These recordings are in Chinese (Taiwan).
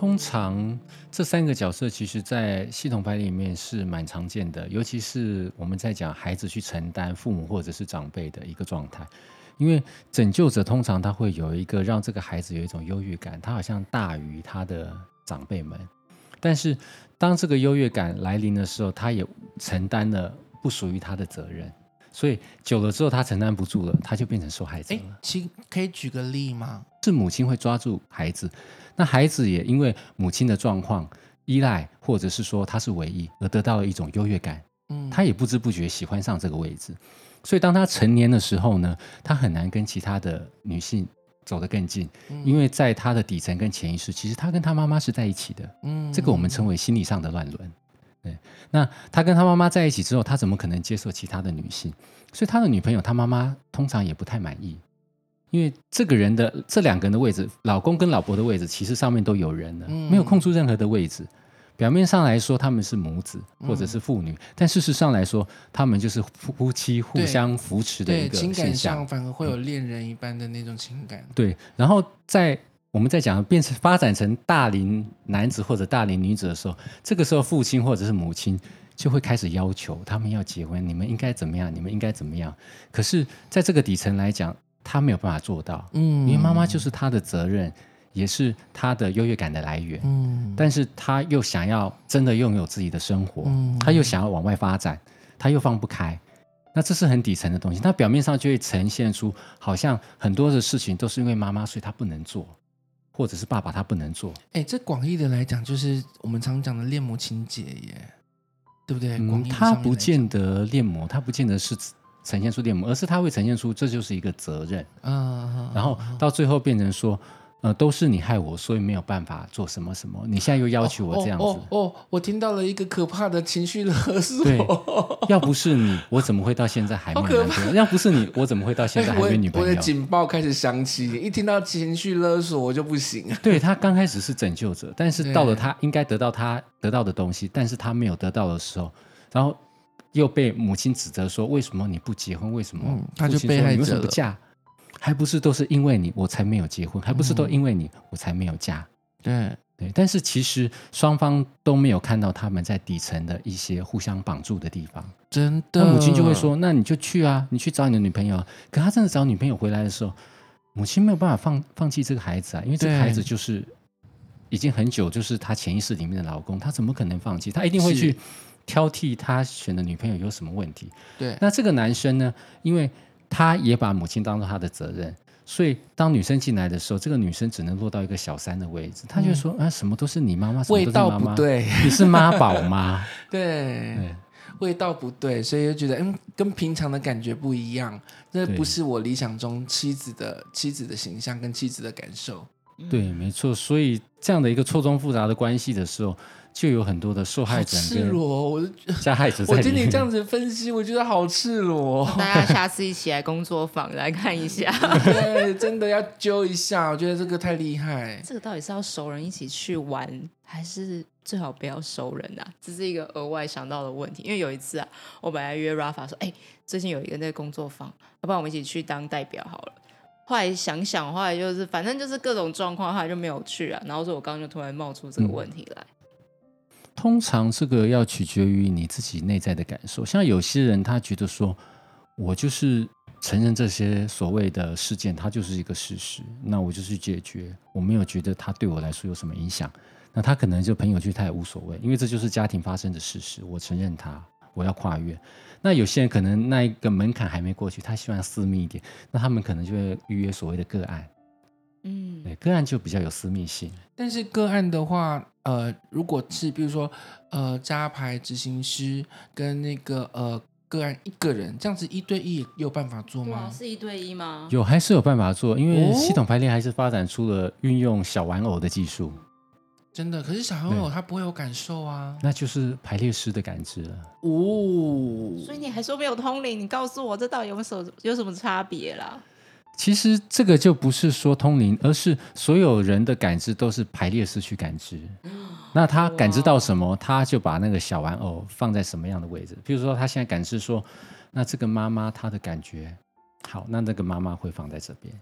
通常這三個角色，其實在系統排列裡面是蠻常見的，尤其是我們在講孩子去承擔父母或者是長輩的一個狀態。因為拯救者通常他會有一個讓這個孩子有一種優越感，他好像大於他的長輩們。但是當這個優越感來臨的時候，他也承擔了不屬於他的責任。所以久了之後，他承擔不住了，他就變成受害者了。哎，請，可以舉個例嗎？是母親會抓住孩子，那孩子也因為母親的狀況依賴，或者是說他是唯一，而得到了一種優越感。嗯，他也不知不覺喜歡上這個位置。所以當他成年的時候呢，他很難跟其他的女性走得更近，嗯、因為在他的底層跟潛意識，其實他跟他媽媽是在一起的。嗯，這個我們稱為心理上的亂倫。對，那他跟他媽媽在一起之後，他怎麼可能接受其他的女性？所以他的女朋友，他媽媽通常也不太滿意，因為這個人的這兩個人的位置，老公跟老婆的位置，其實上面都有人的、嗯、沒有空出任何的位置。表面上來說他們是母子或者是父女、嗯，但事實上來說，他們就是夫妻互相扶持的一個現象，情感上反而會有戀人一般的那種情感。對，然後在。我們在講變成發展成大齡男子或者大齡女子的時候，這個時候父親或者是母親就會開始要求他們要結婚，你們應該怎麼樣？你們應該怎麼樣？可是在這個底層來講，他沒有辦法做到，嗯，因為媽媽就是他的責任，也是他的優越感的來源，嗯，但是他又想要真的擁有自己的生活，嗯，他又想要往外發展，他又放不開，那這是很底層的東西。他表面上就會呈現出好像很多的事情都是因為媽媽，所以他不能做。或者是爸爸他不能做，哎，這廣義的來講，就是我們常講的戀母情結耶，對不對？廣義的嗯、他不見得戀母，他不見得是呈現出戀母，而是他會呈現出這就是一個責任，嗯、哦，然後到最後變成說。呃，都是你害我，所以沒有辦法做什麼什麼。你現在又要求我這樣子。哦，哦哦，我聽到了一個可怕的情緒勒索。對，要不是你，我怎麼會到現在還沒女朋友？要不是你，我怎麼會到現在還沒女朋友。我，我的警報開始響起，一聽到情緒勒索，我就不行啊。對，他剛開始是拯救者，但是到了他應該得到他得到的東西，但是他沒有得到的時候，然後又被母親指責說：“為什麼你不結婚？為什麼、嗯？”他就被害者。你還不是都是因為你，我才沒有結婚，還不是都因為你、嗯、我才沒有嫁。對對，但是其實雙方都沒有看到他們在底層的一些互相綁住的地方。真的，那母親就會說：“那你就去啊，你去找你的女朋友。”可他真的找女朋友回來的時候，母親沒有辦法放放棄這個孩子啊，因為這個孩子就是已經很久就是他潛意識裡面的老公，他怎麼可能放棄？他一定會去挑剔他選的女朋友有什麼問題。對，那這個男生呢？因為。他也把母親當做他的責任，所以當女生進來的時候，這個女生只能落到一個小三的位置。他、嗯、就說啊、呃，什麼都是你媽媽，媽媽味道不對，你是媽寶嗎？ 對，味道不對，所以就覺得嗯，跟平常的感覺不一樣，這不是我理想中妻子的妻子的形象跟妻子的感受、嗯。對，沒錯，所以這樣的一個錯綜複雜的關係的時候。就有很多的受害者，是赤裸、我、加害者在裡面。我跟你這樣子分析，我覺得好赤裸。 大家下次一起來工作坊來看一下， 真的要揪一下。我覺得這個太厲害。 這個到底是要熟人一起去玩，還是最好不要熟人啊？這是一個額外想到的問題。因為有一次啊，我本來約 Rafa 說：“哎、欸，最近有一個那個工作坊，要不然我們一起去當代表好了。”後來想想，後來就是反正就是各種狀況，後來就沒有去啊。然後說我剛剛就突然冒出這個問題來。嗯通常這個要取決於你自己內在的感受，像有些人他覺得說，我就是承認這些所謂的事件，它就是一個事實，那我就去解決，我沒有覺得它對我來說有什麼影響，那他可能就朋友圈他也無所謂，因為這就是家庭發生的事實，我承認他，我要跨越。那有些人可能那一個門檻還沒過去，他希望私密一點，那他們可能就會預約所謂的個案。嗯，對，個案就比較有私密性。但是個案的話，呃，如果是比如說，呃，家排執行師跟那個呃個案一個人這樣子一對一，有辦法做嗎、啊？是一對一嗎？有還是有辦法做？因為系統排列還是發展出了運用小玩偶的技術、哦。真的，可是小玩偶它不會有感受啊。那就是排列師的感知了。哦，所以你還說沒有通靈？你告訴我，這到底有沒有什麼有什麼差別啦？其實這個就不是說通靈，而是所有人的感知都是排列式去感知。那他感知到什麼，他就把那個小玩偶放在什麼樣的位置。比如說，他現在感知說，那這個媽媽她的感覺好，那那個媽媽會放在這邊。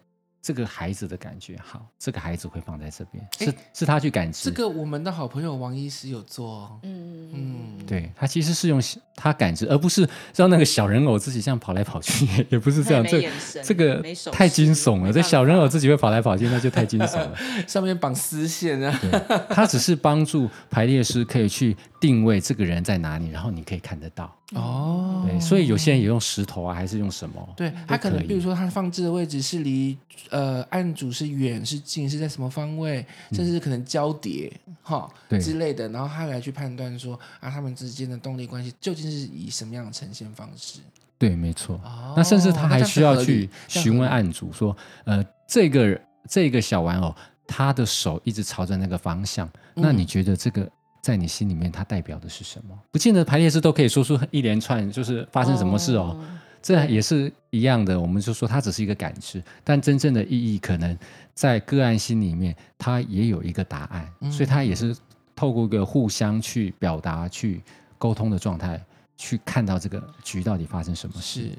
這個孩子的感覺好，這個孩子會放在這邊，是是他去感知。這個我們的好朋友王醫師有做。哦，嗯嗯，對，他其實是用他感知，而不是讓那個小人偶自己這樣跑來跑去，也不是這樣。嗯、這個這個太驚悚了，這小人偶自己會跑來跑去，那就太驚悚了。 上面綁絲線啊，對，他只是幫助排列師可以去定位這個人在哪裡，然後你可以看得到。哦，對，所以有些人也用石頭啊，還是用什麼？嗯、對，他可能可比如說他放置的位置是離，呃呃，案主是遠是近是在什麼方位，甚至是可能交疊哈、嗯、之類的，然後他還來去判斷說啊，他們之間的動力關係究竟是以什麼樣的呈現方式？對，沒錯。哦、那甚至他還需要去詢問案主說，呃，這個這個小玩偶他的手一直朝着那個方向、嗯，那你覺得這個在你心裡面它代表的是什麼？不見得排列師都可以說出一連串，就是發生什麼事哦。哦這也是一樣的，我們就說它，只是一個感知，但真正的意義可能在個案心裡面，它也有一個答案，嗯，所以它也是透過一個互相去表達、去溝通的狀態，去看到這個局到底發生什麼事。是，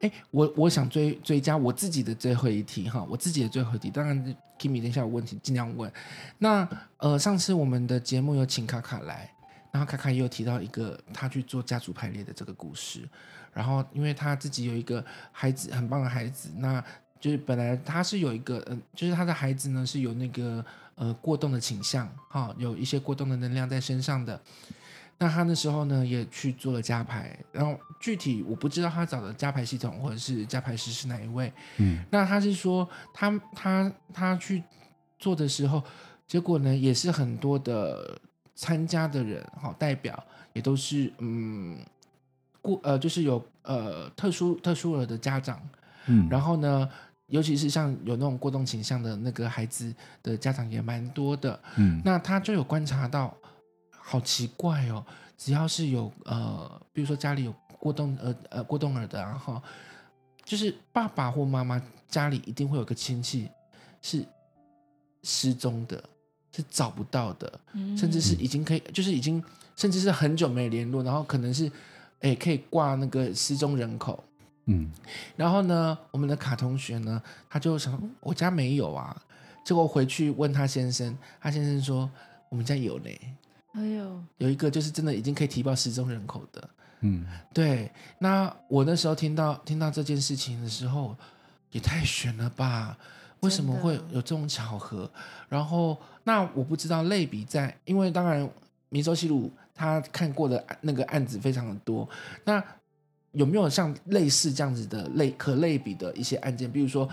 哎，我我想追追加我自己的最後一題哈，我自己的最後一題，當然 Kimie 等一下有問題盡量問。那呃，上次我們的節目有請卡卡來。然後卡卡也有提到一個他去做家族排列的這個故事，然後因為他自己有一個孩子，很棒的孩子，那就是本來他是有一個嗯、呃，就是他的孩子呢是有那個呃過動的傾向哈、哦，有一些過動的能量在身上的。那他那時候呢也去做了家排，然後具體我不知道他找的家排系統或者是家排師是哪一位，嗯，那他是說他他他，他去做的時候，結果呢也是很多的。參加的人哈，代表也都是嗯過呃，就是有呃特殊特殊兒的家長，嗯，然後呢，尤其是像有那種過動傾向的那個孩子的家長也蠻多的，嗯，那他就有觀察到，好奇怪哦，只要是有呃，比如說家裡有過動兒呃呃過動兒的，然後就是爸爸或媽媽家裡一定會有個親戚是失蹤的。是找不到的，嗯，甚至是已經可以、嗯，就是已經，甚至是很久沒聯絡，然後可能是，誒、欸，可以掛那個失蹤人口，嗯，然後呢，我們的卡同學呢，他就想，嗯，我家沒有啊，結果回去問他先生，他先生說，我們家有嘞，有，哎，有一個就是真的已經可以提報失蹤人口的，嗯，對，那我那時候聽到聽到這件事情的時候，也太懸了吧。為什麼會有這種巧合？然後，那我不知道類比在，因為當然，米索西魯他看過的那個案子非常的多。那有沒有像類似這樣子的類可類比的一些案件？比如說，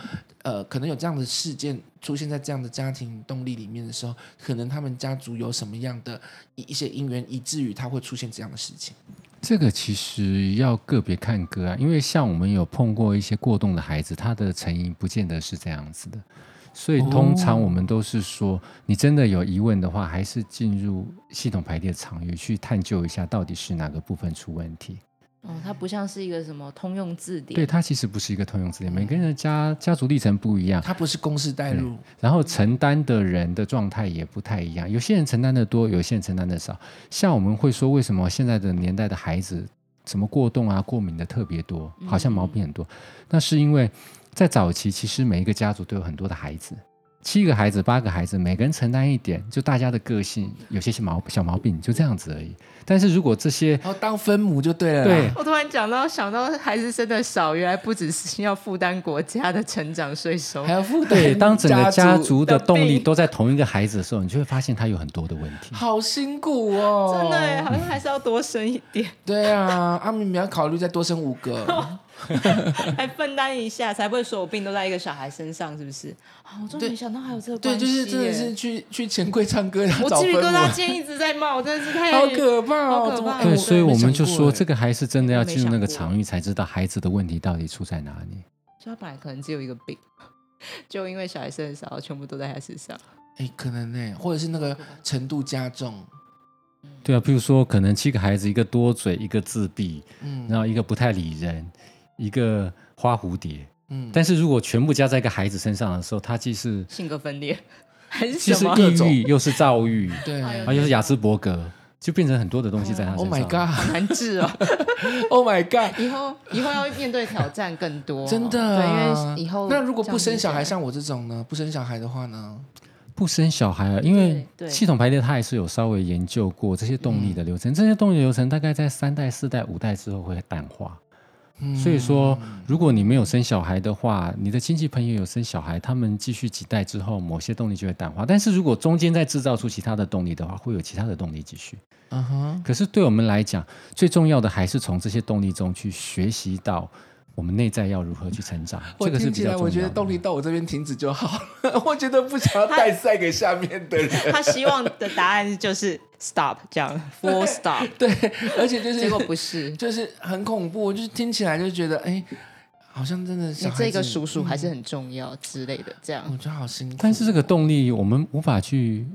呃，可能有這樣的事件出現在這樣的家庭動力裡面的時候，可能他們家族有什麼樣的一些因緣，以至於他會出現這樣的事情。這個其實要個別看個案。啊，因為像我們有碰過一些過動的孩子，他的成因不見得是這樣子的，所以通常我們都是說，哦、你真的有疑問的話，還是進入系統排列場域去探究一下，到底是哪個部分出問題。哦，它不像是一個什麼通用字典，對，它其實不是一個通用字典，每個人的家家族歷程不一樣，它不是公式帶入、嗯，然後承擔的人的狀態也不太一樣，有些人承擔的多，有些人承擔的少，像我們會說，為什麼現在的年代的孩子什麼過動啊、過敏的特別多，好像毛病很多，那、嗯、是因為在早期其實每一個家族都有很多的孩子。七個孩子，八個孩子，每個人承擔一點，就大家的個性有些些毛小毛病，就這樣子而已。但是如果這些，哦，當分母就對了。對。我突然講到想到孩子生的少，原來不只是要負擔國家的成長稅收，還要負擔。對，當整個家族的動力都在同一個孩子的時候，你就會發現他有很多的問題。好辛苦哦，真的，好像還是要多生一點。 對啊， 阿米，你要考慮再多生五個。 來 分擔一下，才不會說我病都在一個小孩身上，是不是？啊、哦，我終於沒想到還有這個對，對，就是真的是去去錢櫃唱歌，找我居得他在肩一直在罵，我真的是太可怕、哦、可怕了、欸。對、欸，所以我們就說，這個還是真的要進入那個場域，才知道孩子的問題到底出在哪裡。所以他本來可能只有一個病，就因為小孩生的少，全部都在他身上。哎、欸，可能呢、欸，或者是那個程度加重、嗯。對啊，譬如說，可能七個孩子，一個多嘴，一個自閉，嗯，然後一個不太理人。一個花蝴蝶，嗯，但是如果全部加在一個孩子身上的時候，他既是性格分裂，還是其實抑鬱又是躁鬱， 對啊，啊，又是亞斯伯格、嗯，就變成很多的東西在他身上、哎、，Oh my God， 難治啊、哦、！Oh my God，以後以後要面對挑戰更多， 真的、啊，以後那如果不生小孩，像我這種呢，不生小孩的話呢，不生小孩，因為系統排列他也是有稍微研究過這些動力的流程，嗯、這些動力的流程大概在三代、四代、五代之後會淡化。所以說，如果你沒有生小孩的話，你的親戚朋友有生小孩，他們繼續幾代之後，某些動力就會淡化。但是如果中間再制造出其他的動力的話，會有其他的動力繼續。Uh-huh. 可是對我們來講，最重要的還是從這些動力中去學習到。我們內在要如何去成長？這個是比較重要的我,聽起來我覺得動力到我這邊停止就好了 我覺得不想要帶衰給下面的人他。他希望的答案就是 stop 這樣，full stop。 對，而且就是結果不是，就是很恐怖。就是聽起來就覺得，哎，好像真的是這個叔叔還是很重要之類的這樣。嗯，我覺得好辛苦。但是這個動力我們無法去。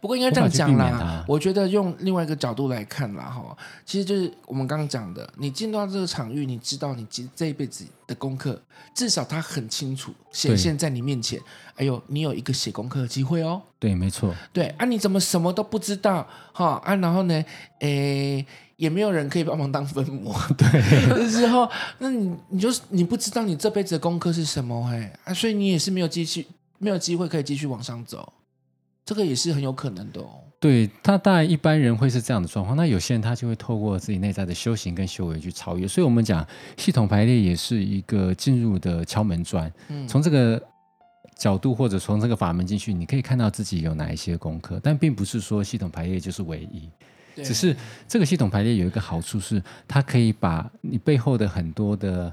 不過應該這樣講啦我，我覺得用另外一個角度來看啦，哈，其實就是我們剛剛講的，你進到這個場域，你知道你這這一輩子的功課，至少他很清楚顯現在你面前。哎呦，你有一個寫功課的機會哦。對，沒錯。對啊，你怎麼什麼都不知道？哈啊，然後呢，誒、哎，也沒有人可以幫忙當分母。對，時 候 那你你就你不知道你這輩子的功課是什麼？啊，所以你也是沒有繼續沒有機會可以繼續往上走。這個也是很有可能的哦。對他，但一般人會是這樣的狀況。那有些人他就會透過自己內在的修行跟修為去超越。所以我們講系統排列也是一個進入的敲門磚。嗯，從這個角度或者從這個法門進去，你可以看到自己有哪一些功課，但並不是說系統排列就是唯一。對。只是這個系統排列有一個好處是，它可以把你背後的很多的。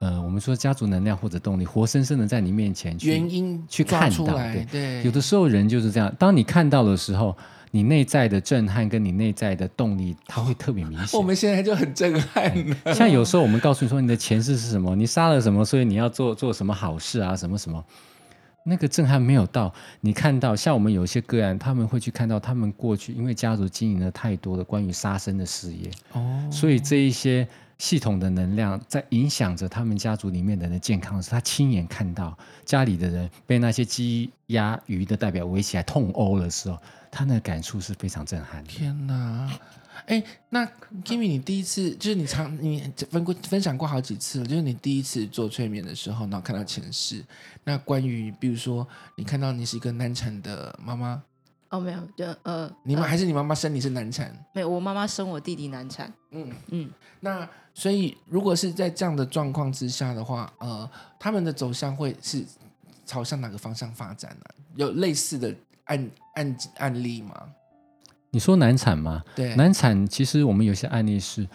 呃，我們說家族能量或者動力，活生生的在你面前去，原因去看到。對，對，有的時候人就是這樣。當你看到的時候，你內在的震撼跟你內在的動力，它會特別明顯。我們現在就很震撼、嗯。像有時候我們告訴你說，你的前世是什麼， 你殺了什麼，所以你要做做什麼好事啊，什麼什麼。那個震撼沒有到，你看到像我們有一些個案，他們會去看到他們過去因為家族經營了太多的關於殺生的事業，哦，所以這一些。系統的能量在影響着他們家族裡面的人的健康是，他親眼看到家裡的人被那些雞、鴨、魚的代表圍起來痛毆的時候，他的感觸是非常震撼的。天哪！哎，那 Kimie 你第一次就是你常你分過分，分，分享過好幾次，就是你第一次做催眠的時候，然後看到前世。那關於，比如說，你看到你是一個難產的媽媽？哦，沒有，就呃，你媽、呃、還是你媽媽生你是難產？對，我媽媽生我弟弟難產。嗯嗯，那所以如果是在這樣的狀況之下的話，呃，他們的走向會是朝向哪個方向發展呢、啊？有類似的案案案例嗎？你說難產嗎？對，難產其實我們有些案例是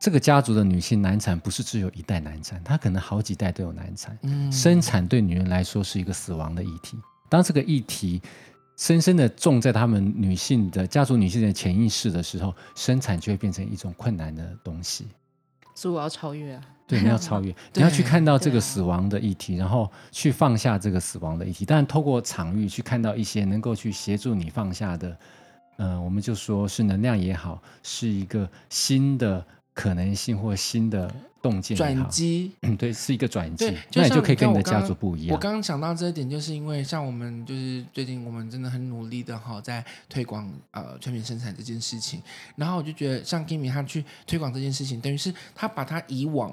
這個家族的女性難產，不是只有一代難產，她可能好幾代都有難產。嗯，生產對女人來說是一個死亡的議題，當這個議題。深深的種在他們女性的家族女性的潛意識的時候，生產就會變成一種困難的東西。所以我要超越啊！對，你要超越， 你要去看到這個死亡的議題，然後去放下這個死亡的議題。但透過場域去看到一些能夠去協助你放下的，嗯、呃，我們就說是能量也好，是一個新的可能性或新的。動靜轉機、嗯，對，是一個轉機，對，就那你就可以跟你的家族不一樣。我剛我剛想到這一點，就是因為像我們，就是最近我們真的很努力的哈，在推廣呃催眠生產這件事情。然後我就覺得，像 Kimie 他去推廣這件事情，等於是他把他以往，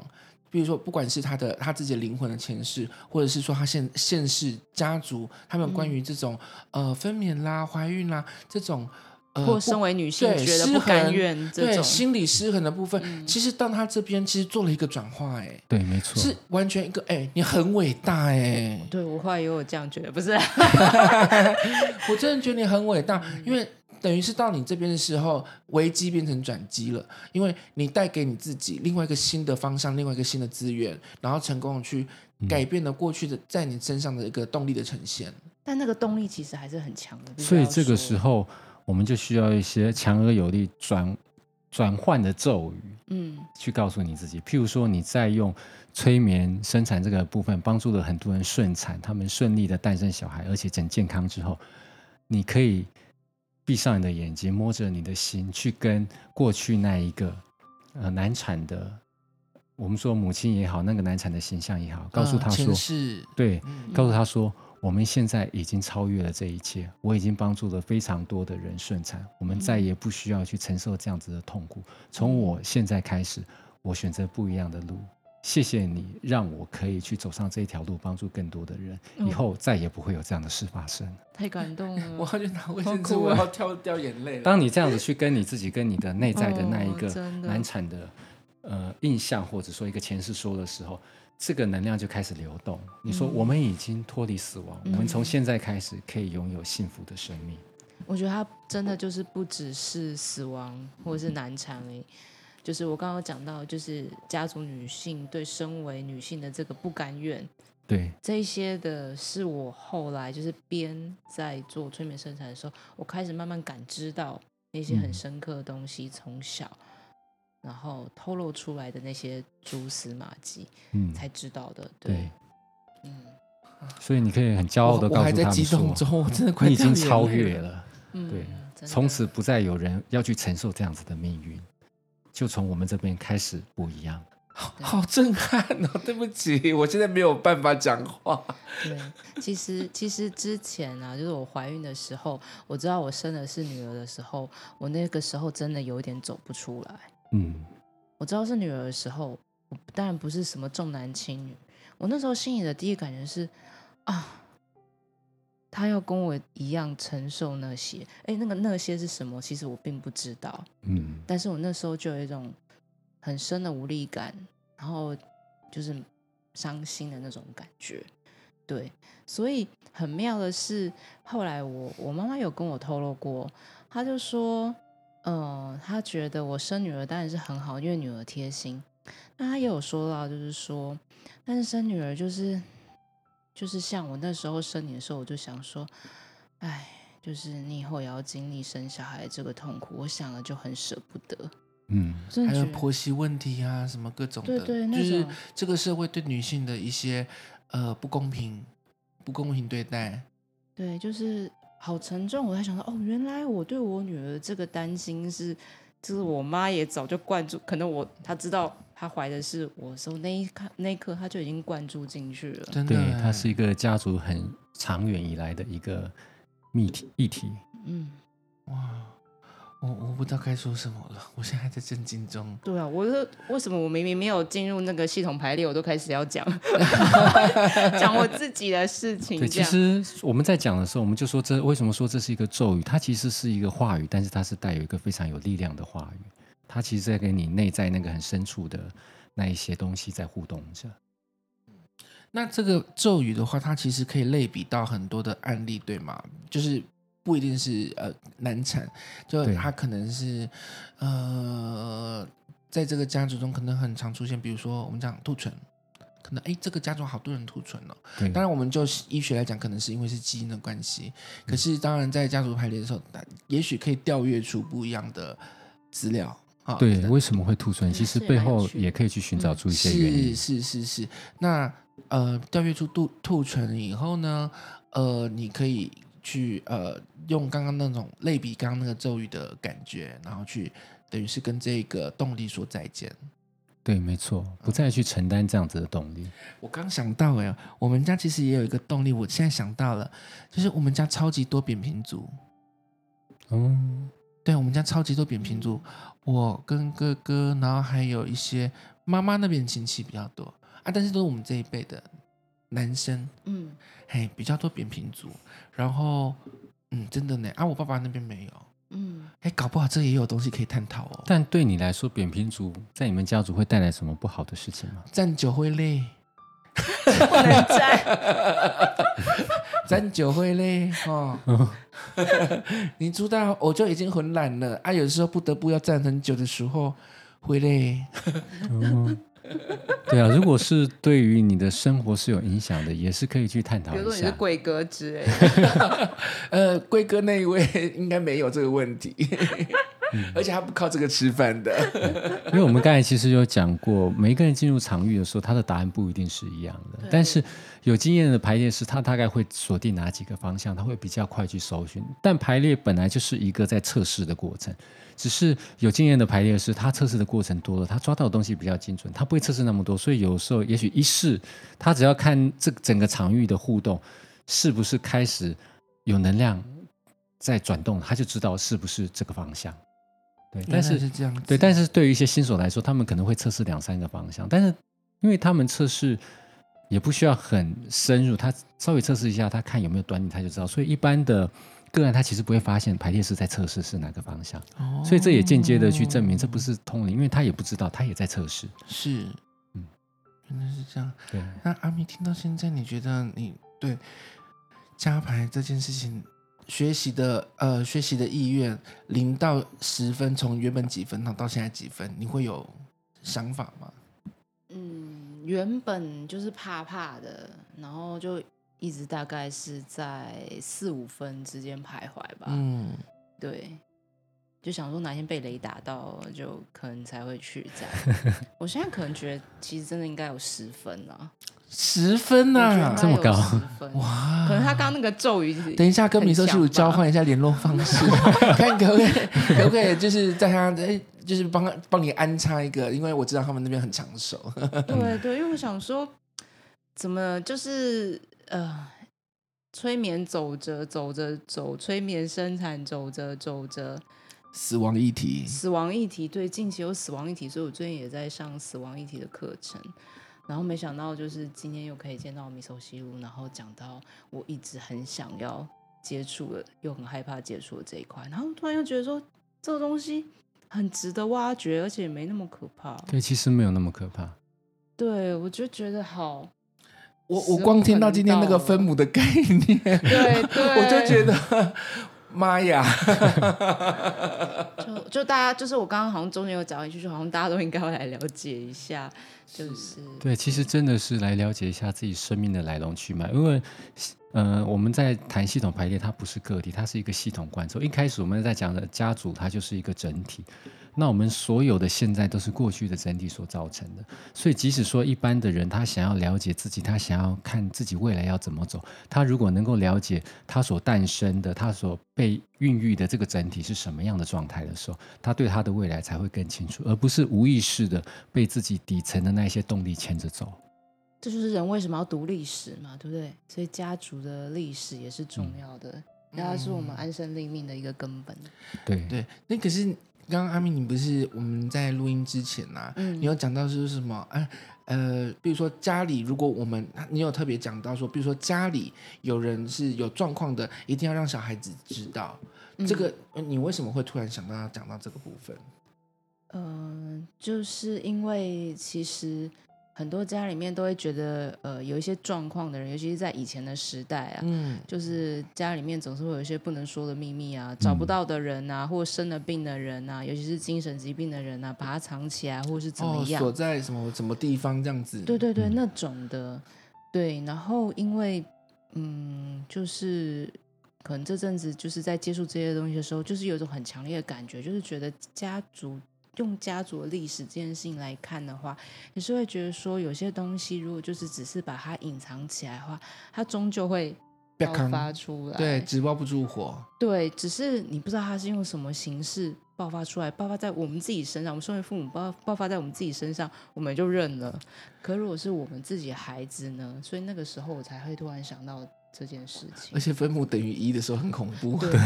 比如說不管是他的他自己的靈魂的前世，或者是說他現現世家族他們關於這種呃分娩啦、懷孕啦這種。或身為女性、呃、覺得不甘願，這種對心理失衡的部分、嗯，其實到他這邊其實做了一個轉化、欸，哎，對，沒錯，是完全一個，哎、欸，你很偉大、欸，哎、嗯，對，我懷疑我這樣覺得，不是， 我真的覺得你很偉大、嗯，因為等於是到你這邊的時候，危機變成轉機了，因為你帶給你自己另外一個新的方向，另外一個新的資源，然後成功的去改變了過去的在你身上的一個動力的呈現，嗯、但那個動力其實還是很強的，所以這個時候，我們就需要一些強而有力轉轉換的咒語，嗯，去告訴你自己。譬如說，你在用催眠生產這個部分，幫助了很多人順產，他們順利的誕生小孩，而且整健康之後，你可以閉上你的眼睛，摸着你的心，去跟過去那一個呃難產的，我們說母親也好，那個難產的形象也好，嗯，告訴他說是，對，告訴他說。嗯嗯我們現在已經超越了這一切，我已經幫助了非常多的人順產，我們再也不需要去承受這樣子的痛苦。從我現在開始，我選擇不一樣的路。謝謝你讓我可以去走上這條路，幫助更多的人，以後再也不會有這樣的事發生。嗯、太感動了， 我要去拿衛生紙，我要跳掉眼淚了。當你這樣子去跟你自己、 跟你的內在的那一個難產的、哦、真的、呃印象，或者說一個前世說的時候。這個能量就開始流動。你說，我們已經脫離死亡，嗯，我們從現在開始可以擁有幸福的生命。我覺得它真的就是不只是死亡或者是難產而已，就是我剛剛講到，就是家族女性對身為女性的這個不甘願。對，這些的是我後來就是邊在做催眠生產的時候，我開始慢慢感知到那些很深刻的東西。從小。嗯然後透露出來的那些蛛絲馬跡，嗯，才知道的，嗯、對，對、嗯，所以你可以很驕傲的告訴他們說，我我已經超越了，嗯、對，從此不再有人要去承受這樣子的命運，就從我們這邊開始不一樣，好震撼哦！對不起，我現在沒有辦法講話。對，其實其實之前啊，就是我懷孕的時候，我知道我生的是女兒的時候，我那個時候真的有點走不出來。嗯，我知道是女兒的時候，我當然不是什麼重男輕女。我那時候心裡的第一感覺是，啊，她要跟我一樣承受那些。哎、欸，那個那些是什麼？其實我並不知道。嗯，但是我那時候就有一種很深的無力感，然後就是傷心的那種感覺。對，所以很妙的是，後來我我媽媽有跟我透露過，她就說。嗯、呃，他覺得我生女兒當然是很好，因為女兒貼心。那他也有說到，就是說，但是生女兒就是，就是像我那時候生你的時候，我就想說，哎，就是你以後也要經歷生小孩這個痛苦，我想了就很捨不得。嗯，還有婆媳問題啊，什麼各種的，對對，那，就是這個社會對女性的一些呃不公平、不公平對待。對，就是。好沉重，我在想到哦原來我對我女兒這個擔心是，就是我媽也早就灌注，可能我她知道她懷的是我的時候那一刻那一刻，她就已經灌注進去了。真的，對，它是一個家族很長遠以來的一個議題，議題。嗯，哇。我我不知道該說什麼了，我現在還在震驚中。對啊，我說為什麼我明明沒有進入那個系統排列，我都開始要講 講我自己的事情。對，其實我們在講的時候，我們就說這為什麼說這是一個咒語？它其實是一個話語，但是它是帶有一個非常有力量的話語，它其實在跟你內在那個很深處的那一些東西在互動着。那這個咒語的話，它其實可以類比到很多的案例，對嗎？就是。不一定是呃難產，就他可能是呃在這個家族中可能很常出現，比如說我們講兔唇，可能誒這個家族好多人兔唇哦，當然我們就醫學來講，可能是因為是基因的關係，嗯，可是當然在家族排列的時候，也許可以調閱出不一樣的資料啊。對，為什麼會兔唇？是其實背後也可以去尋找出一些原因，嗯、是是是是，是。那呃調閱出兔兔唇以後呢，呃你可以。去呃，用剛剛那種類比，剛剛那個咒語的感覺，然後去等於是跟這個動力說再見。對，沒錯，不再去承擔這樣子的動力。嗯，我剛想到哎，欸，我們家其實也有一個動力，我現在想到了，就是我們家超級多扁平足。嗯，對，我們家超級多扁平足。我跟哥哥，然後還有一些媽媽那邊的親戚比較多啊，但是都是我們這一輩的男生。嗯。Hey, 比較多扁平足，然後，嗯，真的呢啊，我爸爸那邊沒有，嗯，哎、hey,，搞不好這也有東西可以探討哦。但對你來說，扁平足在你們家族會帶來什麼不好的事情嗎？站久會累，不能站，站久會累哦。 你知道，我就已經很懶了啊，有時候不得不要站很久的時候會累。 哦 對啊，如果是對於你的生活是有影響的，也是可以去探討一下。比如說你是龜哥之類， 呃，貴哥那一位應該沒有這個問題， 而且他不靠這個吃飯的 嗯。因為我們剛才其實有講過，每一個人進入場域的時候，他的答案不一定是一樣的，但是有經驗的排列師他大概會鎖定哪幾個方向，他會比較快去搜尋。但排列本來就是一個在測試的過程。只是有經驗的排列師，他測試的過程多了，他抓到的東西比較精準，他不會測試那麼多，所以有時候也許一試，他只要看這整個場域的互動是不是開始有能量在轉動，他就知道是不是這個方向。對，但是，是這樣。對，但是對於一些新手來說，他們可能會測試兩三個方向，但是因為他們測試也不需要很深入，他稍微測試一下，他看有沒有端倪，他就知道。所以一般的。個案他其實不會發現排列師在測試是哪個方向，所以這也間接的去證明這不是通靈，因為他也不知道，他也在測試。嗯。是，嗯，原來是這樣。對，那阿米聽到現在，你覺得你對家排這件事情學習的呃學習的意願零到十分，從原本幾分到到現在幾分，你會有想法嗎？嗯，原本就是怕怕的，然後就。一直大概是在四五分之間徘徊吧。嗯，對，就想說哪天被雷打到，就可能才會去。這樣，我現在可能覺得其實真的應該有十分呢、啊，十分吶、啊，這麼高，十分哇！可能他剛剛那個咒語，等一下跟米索西魯交換一下聯絡方式， 看可不可以，可不可以，就是在他，就是幫幫你安插一個，因為我知道他們那邊很搶手。 對對，因為我想說，怎麼就是。呃，催眠走着走着走，催眠生產走着走着，死亡議題，死亡議題，對，近期有死亡議題，所以我最近也在上死亡議題的課程。然後沒想到就是今天又可以見到米索西魯，然後講到我一直很想要接觸的，又很害怕接觸的這一塊。然後突然又覺得說這個東西很值得挖掘，而且沒那麼可怕。對，其實沒有那麼可怕。對，我就覺得好。我我光聽到今天那個分母的概念，對，對 我就覺得媽呀！ 就就大家，就是我剛剛好像中間有講一句，就好像大家都應該來了解一下，就是，是對、嗯，其實真的是來了解一下自己生命的來龍去脈，因為。呃，我們在談系統排列，它不是個體，它是一個系統觀。所以一開始我們在講的家族，它就是一個整體。那我們所有的現在都是過去的整體所造成的。所以，即使說一般的人，他想要了解自己，他想要看自己未來要怎麼走，他如果能夠了解他所誕生的、他所被孕育的這個整體是什麼樣的狀態的時候，他對他的未來才會更清楚，而不是無意識的被自己底層的那些動力牽着走。這就是人為什麼要讀歷史嘛，對不對？所以家族的歷史也是重要的，那、嗯、是我們安身立命的一個根本。嗯、對對。那可是剛剛阿明，你不是我們在錄音之前啊，嗯、你有講到就是什麼啊？呃，比如說家裡如果我們你有特別講到說，比如說家裡有人是有狀況的，一定要讓小孩子知道、嗯、這個。你為什麼會突然想到要講到這個部分？嗯、呃，就是因為其實。很多家裡面都會覺得，呃，有一些狀況的人，尤其是在以前的時代啊，嗯，就是家裡面總是會有一些不能說的秘密啊，嗯、找不到的人啊，或生了病的人啊，尤其是精神疾病的人啊，把它藏起來，或者是怎麼樣，鎖、哦、在什麼什麼地方這樣子？對對對、嗯，那種的，對。然後因為，嗯，就是可能這陣子就是在接觸這些東西的時候，就是有一種很強烈的感覺，就是覺得家族。用家族的歷史這件事情來看的話，你是會覺得說有些東西，如果就是只是把它隱藏起來的話，它終究會爆發出來。對，紙包不住火。對，只是你不知道它是用什麼形式爆發出來。爆發在我們自己身上，我們身為父母爆爆發在我們自己身上，我們就認了。可如果是我們自己的孩子呢？所以那個時候我才會突然想到。這件事情，而且分母等於一的時候很恐怖，對。對，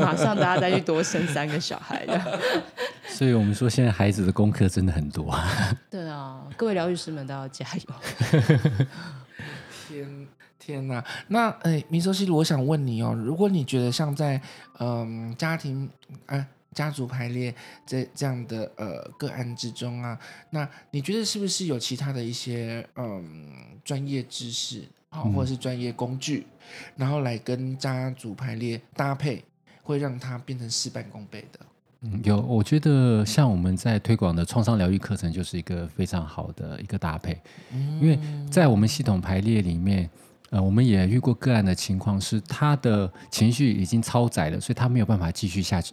馬上大家再去多生三個小孩。 所以，我們說現在孩子的功課真的很多啊。對啊，各位療癒師們都要加油。 天，天哪！那，哎，米索西魯，我想問你哦，如果你覺得像在嗯、呃、家庭啊、呃、家族排列這這樣的呃個案之中啊，那你覺得是不是有其他的一些嗯、呃、專業知識？好，或是專業工具、嗯，然後來跟家族排列搭配，會讓它變成事半功倍的。嗯，有，我覺得像我們在推廣的創傷療癒課程，就是一個非常好的一個搭配，嗯、因為在我們系統排列裡面。呃，我們也遇過個案的情況是，他的情緒已經超載了，所以他沒有辦法繼續下去。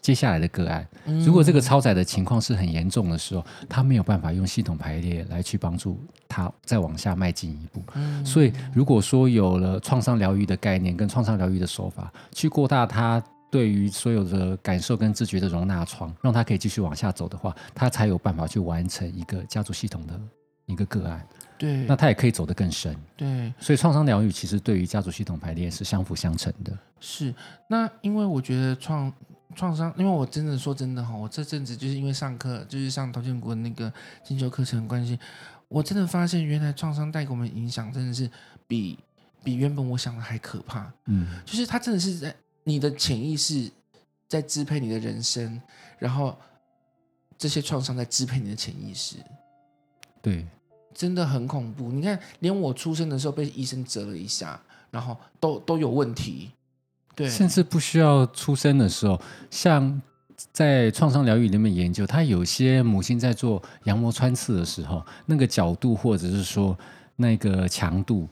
接下來的個案，如果這個超載的情況是很嚴重的時候，他沒有辦法用系統排列來去幫助他再往下邁進一步。所以，如果說有了創傷療癒的概念跟創傷療癒的手法，去擴大他對於所有的感受跟自覺的容納窗，讓他可以繼續往下走的話，他才有辦法去完成一個家族系統的一個個案。對，那他也可以走得更深。對，所以創傷療癒其實對於家族系統排列是相輔相成的。是，那因為我覺得創創傷，因為我真的說真的哈，我這陣子就是因為上課，就是上陶建國那個星球課程的關係，我真的發現原來創傷帶給我們影響真的是比比原本我想的還可怕。嗯，就是他真的是在你的潛意識在支配你的人生，然後這些創傷在支配你的潛意識。對。真的很恐怖，你看，連我出生的時候被醫生折了一下，然後都都有問題，對，甚至不需要出生的時候，像在創傷療癒裡面研究，他有些母親在做羊膜穿刺的時候，那個角度或者是說那個強度，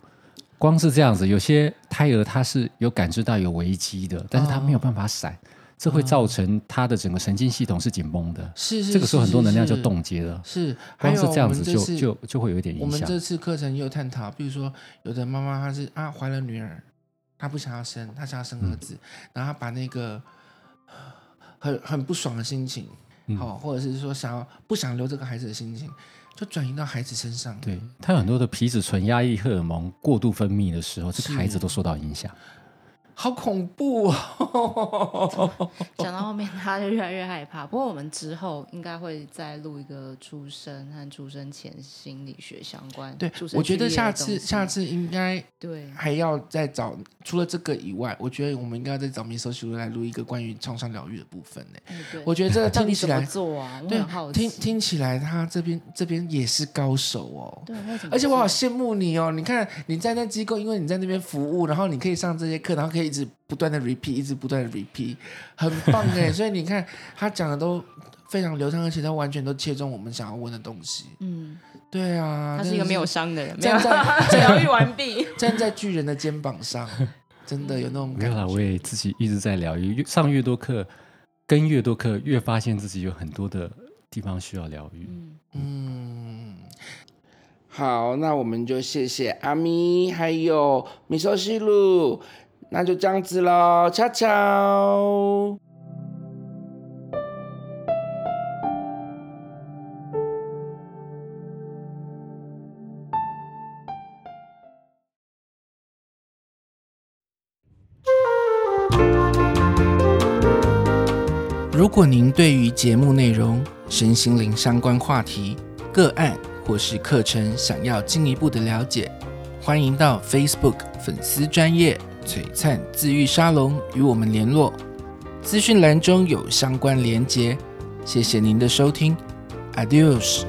光是這樣子，有些胎兒他是有感知到有危機的，哦，但是他沒有辦法閃。這會造成他的整個神經系統是緊繃的，是是，是，是，是，這個時候很多能量就凍結了。是，是，是，是，光是這樣子就就就，就會有一點影響。我們這次課程也有探討，比如說有的媽媽她是啊懷了女兒，她不想要生，她想要生兒子，嗯、然後把那個很很不爽的心情，好、嗯哦、或者是說想要不想留這個孩子的心情，就轉移到孩子身上。對、嗯、她有很多的皮質醇、壓抑荷爾蒙過度分泌的時候，這個孩子都受到影響。好恐怖哦！講到後面他就越來越害怕。不過我們之後應該會再錄一個出生，和出生前心理學相關出生。對，我覺得下次下次應該對還要再找除了這個以外，我覺得我們應該要再找民宿師傅來錄一個關於創傷療癒的部分。呢、嗯。我覺得這個聽起來做啊，對，好對聽聽起來他這邊這邊也是高手哦。對，而且我好羨慕你哦！你看你在那機構，因為你在那邊服務，然後你可以上這些課，然後可以。一直不斷的 repeat，一直不斷的 repeat，很棒哎！所以你看他講的都非常流暢，而且他完全都切中我們想要問的東西。嗯，對啊，他是一個沒有傷的人，正在療癒完畢， 站在巨人的肩膀上，真的有那種沒有。我也自己一直在療癒，上越多課，跟越多課，越發現自己有很多的地方需要療癒。嗯，嗯，好，那我們就謝謝阿咪，還有米索西魯。那就這樣子嘍，恰恰。如果您對於節目內容、身心靈相關話題、個案或是課程想要進一步的了解，歡迎到 Facebook 粉絲專頁璀璨自遇沙龍與我們聯絡，資訊欄中有相關連結。謝謝您的收聽，Adios。